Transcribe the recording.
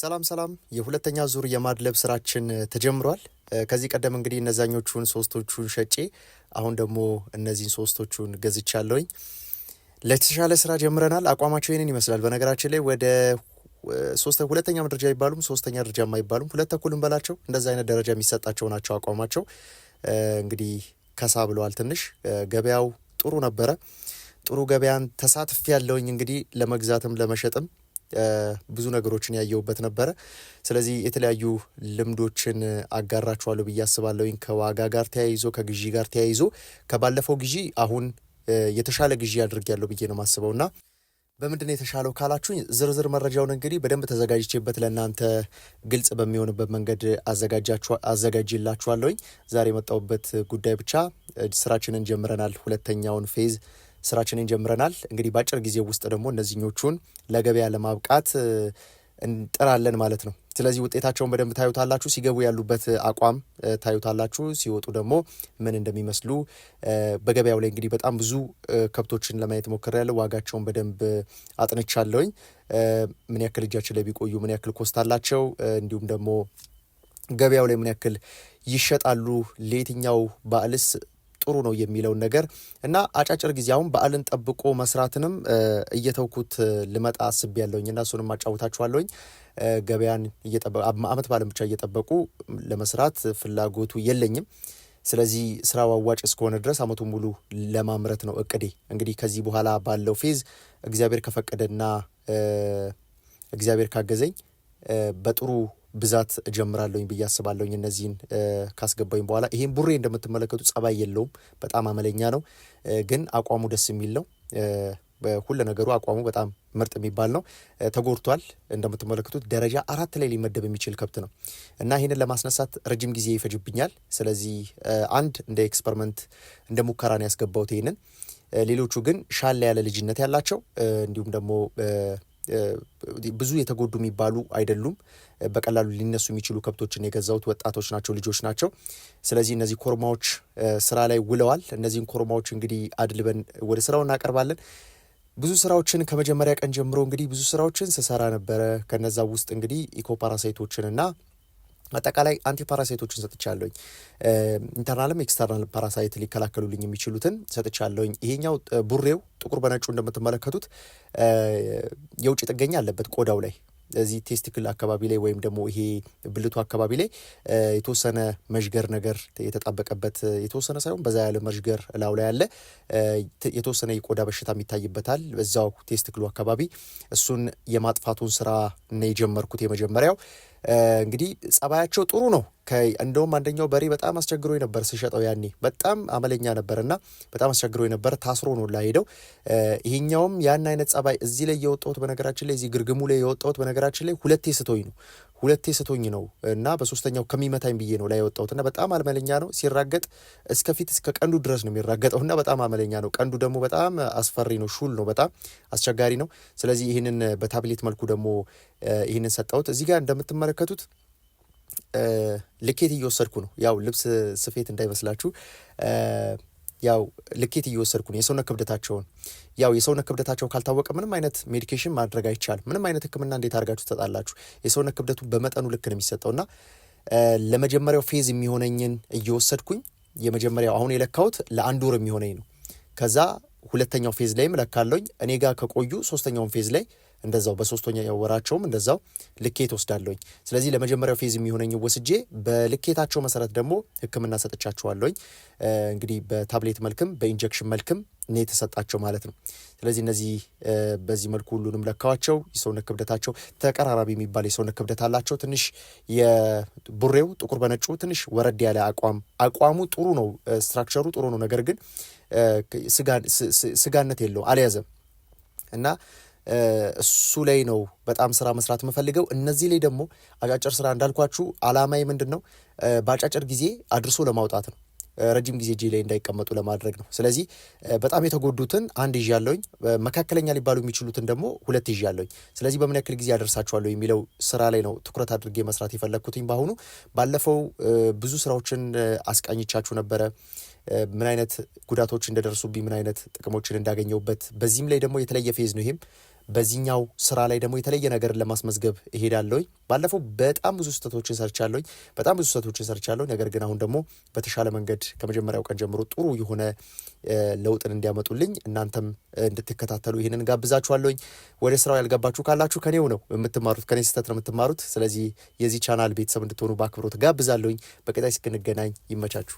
ሰላም ሰላም፣ የሁለተኛ ዙር የማድለብ ስራችን ተጀምሯል። ከዚህ ቀደም እንግዲህ እነዛኞቹን ሶስቶቹን ሸጬ አሁን ደግሞ እነዚህን ሶስቶቹን ገዝቻለሁኝ። ለተሻለ ስራ ጀምረናል። አቋማቸው ይህንን ይመስላል። በነገራችን ላይ ወደ ሁለተኛ ደረጃ አይባሉም፣ ሶስተኛ ደረጃ አይባሉም፣ ሁለት ተኩልም በላቸው እንደዚ አይነት ደረጃ የሚሰጣቸው ናቸው። አቋማቸው እንግዲህ ከሳ ብለዋል። ትንሽ ገበያው ጥሩ ነበረ። ጥሩ ገበያን ተሳትፍ ያለውኝ እንግዲህ ለመግዛትም ለመሸጥም ብዙ ነገሮችን ያየውበት ነበረ። ስለዚህ የተለያዩ ልምዶችን አጋራችኋለሁ ብዬ አስባለሁኝ። ከዋጋ ጋር ተያይዞ ከግዢ ጋር ተያይዞ ከባለፈው ግዢ አሁን የተሻለ ግዢ ያለው ብዬ ነው የማስበው እና በምንድን ነው የተሻለው ካላችሁኝ ዝርዝር መረጃውን እንግዲህ በደንብ ተዘጋጅቼበት ለእናንተ ግልጽ በሚሆንበት መንገድ አዘጋጅላችኋለሁኝ። ዛሬ የመጣሁበት ጉዳይ ብቻ ስራችንን ጀምረናል። ሁለተኛውን ፌዝ ስራችንን ጀምረናል። እንግዲህ በአጭር ጊዜ ውስጥ ደግሞ እነዚህኞቹን ለገበያ ለማብቃት እንጥራለን ማለት ነው። ስለዚህ ውጤታቸውን በደንብ ታዩታላችሁ። ሲገቡ ያሉበት አቋም ታዩታላችሁ። ሲወጡ ደግሞ ምን እንደሚመስሉ በገበያው ላይ እንግዲህ በጣም ብዙ ከብቶችን ለማየት ሞክሬያለሁ። ዋጋቸውን በደንብ አጥንቻለሁኝ። ምን ያክል እጃችን ላይ ቢቆዩ ምን ያክል ኮስት አላቸው፣ እንዲሁም ደግሞ ገበያው ላይ ምን ያክል ይሸጣሉ፣ ለየትኛው በዓልስ ጥሩ ነው የሚለውን ነገር እና አጫጭር ጊዜ አሁን በዓልን ጠብቆ መስራትንም እየተውኩት ልመጣ አስብ ያለውኝ እና እሱንም አጫውታችኋለሁኝ። ገበያን አመት በዓልን ብቻ እየጠበቁ ለመስራት ፍላጎቱ የለኝም። ስለዚህ ስራው አዋጭ እስከሆነ ድረስ አመቱን ሙሉ ለማምረት ነው እቅዴ። እንግዲህ ከዚህ በኋላ ባለው ፌዝ እግዚአብሔር ከፈቀደና እግዚአብሔር ካገዘኝ በጥሩ ብዛት እጀምራለሁኝ ብዬ አስባለሁኝ። እነዚህን ካስገባኝ በኋላ ይሄን ቡሬ እንደምትመለከቱ ጸባይ የለውም፣ በጣም አመለኛ ነው። ግን አቋሙ ደስ የሚል ነው። ሁለ ነገሩ አቋሙ በጣም ምርጥ የሚባል ነው። ተጎድቷል። እንደምትመለከቱት ደረጃ አራት ላይ ሊመደብ የሚችል ከብት ነው እና ይህንን ለማስነሳት ረጅም ጊዜ ይፈጅብኛል። ስለዚህ አንድ እንደ ኤክስፐሪመንት እንደ ሙከራ ነው ያስገባሁት ይህንን። ሌሎቹ ግን ሻላ ያለ ልጅነት ያላቸው እንዲሁም ደግሞ ብዙ የተጎዱ የሚባሉ አይደሉም። በቀላሉ ሊነሱ የሚችሉ ከብቶችን የገዛሁት ወጣቶች ናቸው፣ ልጆች ናቸው። ስለዚህ እነዚህ ኮርማዎች ስራ ላይ ውለዋል። እነዚህን ኮርማዎች እንግዲህ አድልበን ወደ ስራው እናቀርባለን። ብዙ ስራዎችን ከመጀመሪያ ቀን ጀምሮ እንግዲህ ብዙ ስራዎችን ስሰራ ነበረ። ከነዛ ውስጥ እንግዲህ ኢኮፓራሳይቶችን እና አጠቃላይ አንቲ ፓራሳይቶችን ሰጥቻለሁኝ። ኢንተርናልም ኤክስተርናል ፓራሳይት ሊከላከሉልኝ የሚችሉትን ሰጥቻለሁኝ። ይሄኛው ቡሬው ጥቁር በነጩ እንደምትመለከቱት የውጭ ጥገኛ አለበት ቆዳው ላይ እዚህ ቴስቲክል አካባቢ ላይ ወይም ደግሞ ይሄ ብልቱ አካባቢ ላይ የተወሰነ መዥገር ነገር የተጣበቀበት የተወሰነ ሳይሆን በዛ ያለ መዥገር እላው ላይ ያለ የተወሰነ የቆዳ በሽታ ይታይበታል። በዛው ቴስቲክሉ አካባቢ እሱን የማጥፋቱን ስራ ነው የጀመርኩት የመጀመሪያው እንግዲህ ጸባያቸው ጥሩ ነው። እንደውም አንደኛው በሬ በጣም አስቸግሮ ነበር ስሸጠው፣ ያኔ በጣም አመለኛ ነበርና በጣም አስቸግሮ ነበር። ታስሮ ነው ላሄደው። ይሄኛውም ያን አይነት ጸባይ እዚህ ላይ የወጣሁት በነገራችን ላይ እዚህ ግርግሙ ላይ የወጣሁት በነገራችን ላይ ሁለቴ ስቶኝ ነው ሁለቴ ስቶኝ ነው እና በሶስተኛው ከሚመታኝ ብዬ ነው ላይ የወጣሁት እና በጣም አመለኛ ነው። ሲራገጥ እስከ ፊት እስከ ቀንዱ ድረስ ነው የሚራገጠው እና በጣም አመለኛ ነው። ቀንዱ ደግሞ በጣም አስፈሪ ነው፣ ሹል ነው፣ በጣም አስቸጋሪ ነው። ስለዚህ ይህንን በታብሌት መልኩ ደግሞ ይህንን ሰጠሁት። እዚህ ጋር እንደምትመለከቱት ልኬት እየወሰድኩ ነው። ያው ልብስ ስፌት እንዳይመስላችሁ ያው ልኬት እየወሰድኩ ነው። የሰውነት ክብደታቸውን ያው የሰውነት ክብደታቸው ካልታወቀ ምንም አይነት ሜዲኬሽን ማድረግ አይቻልም። ምንም አይነት ሕክምና እንዴት አድርጋችሁ ትሰጣላችሁ? የሰውነት ክብደቱ በመጠኑ ልክ ነው እና ለመጀመሪያው ፌዝ የሚሆነኝን እየወሰድኩኝ የመጀመሪያው አሁን የለካሁት ለአንድ ወር የሚሆነኝ ነው። ከዛ ሁለተኛው ፌዝ ላይም ለካለኝ እኔ ጋር ከቆዩ ሶስተኛውን ፌዝ ላይ እንደዛው በሶስተኛ ያወራቸውም እንደዛው ልኬት ወስዳለኝ። ስለዚህ ለመጀመሪያው ፌዝ የሚሆነኝ ወስጄ በልኬታቸው መሰረት ደግሞ ህክምና ሰጥቻቸዋለኝ። እንግዲህ በታብሌት መልክም በኢንጀክሽን መልክም እኔ የተሰጣቸው ማለት ነው። ስለዚህ እነዚህ በዚህ መልኩ ሁሉንም ለካዋቸው። የሰውነት ክብደታቸው ተቀራራቢ የሚባል የሰውነት ክብደት አላቸው። ትንሽ የቡሬው ጥቁር በነጩ ትንሽ ወረድ ያለ አቋም አቋሙ ጥሩ ነው፣ ስትራክቸሩ ጥሩ ነው። ነገር ግን ስጋነት የለው አልያዘም እና እሱ ላይ ነው በጣም ስራ መስራት የምፈልገው። እነዚህ ላይ ደግሞ አጫጭር ስራ እንዳልኳችሁ አላማዬ ምንድን ነው? በአጫጭር ጊዜ አድርሶ ለማውጣት ነው። ረጅም ጊዜ እጄ ላይ እንዳይቀመጡ ለማድረግ ነው። ስለዚህ በጣም የተጎዱትን አንድ ይዤ ያለውኝ፣ መካከለኛ ሊባሉ የሚችሉትን ደግሞ ሁለት ይዤ ያለውኝ። ስለዚህ በምን ያክል ጊዜ አደርሳችኋለሁ የሚለው ስራ ላይ ነው ትኩረት አድርጌ መስራት የፈለግኩትኝ። በአሁኑ ባለፈው ብዙ ስራዎችን አስቃኝቻችሁ ነበረ ምን አይነት ጉዳቶች እንደደርሱብኝ፣ ምን አይነት ጥቅሞችን እንዳገኘውበት በዚህም ላይ ደግሞ የተለየ ፌዝ ነው ይሄም በዚህኛው ስራ ላይ ደግሞ የተለየ ነገር ለማስመዝገብ እሄዳለሁኝ። ባለፈው በጣም ብዙ ስህተቶችን ሰርቻለሁኝ፣ በጣም ብዙ ስህተቶችን ሰርቻለሁኝ። ነገር ግን አሁን ደግሞ በተሻለ መንገድ ከመጀመሪያው ቀን ጀምሮ ጥሩ የሆነ ለውጥን እንዲያመጡልኝ እናንተም እንድትከታተሉ ይህንን ጋብዛችኋለሁኝ። ወደ ስራው ያልገባችሁ ካላችሁ ከኔው ነው የምትማሩት፣ ከኔ ስህተት ነው የምትማሩት። ስለዚህ የዚህ ቻናል ቤተሰብ እንድትሆኑ በአክብሮት ጋብዛለሁኝ። በቀጣይ እስክንገናኝ ይመቻችሁ።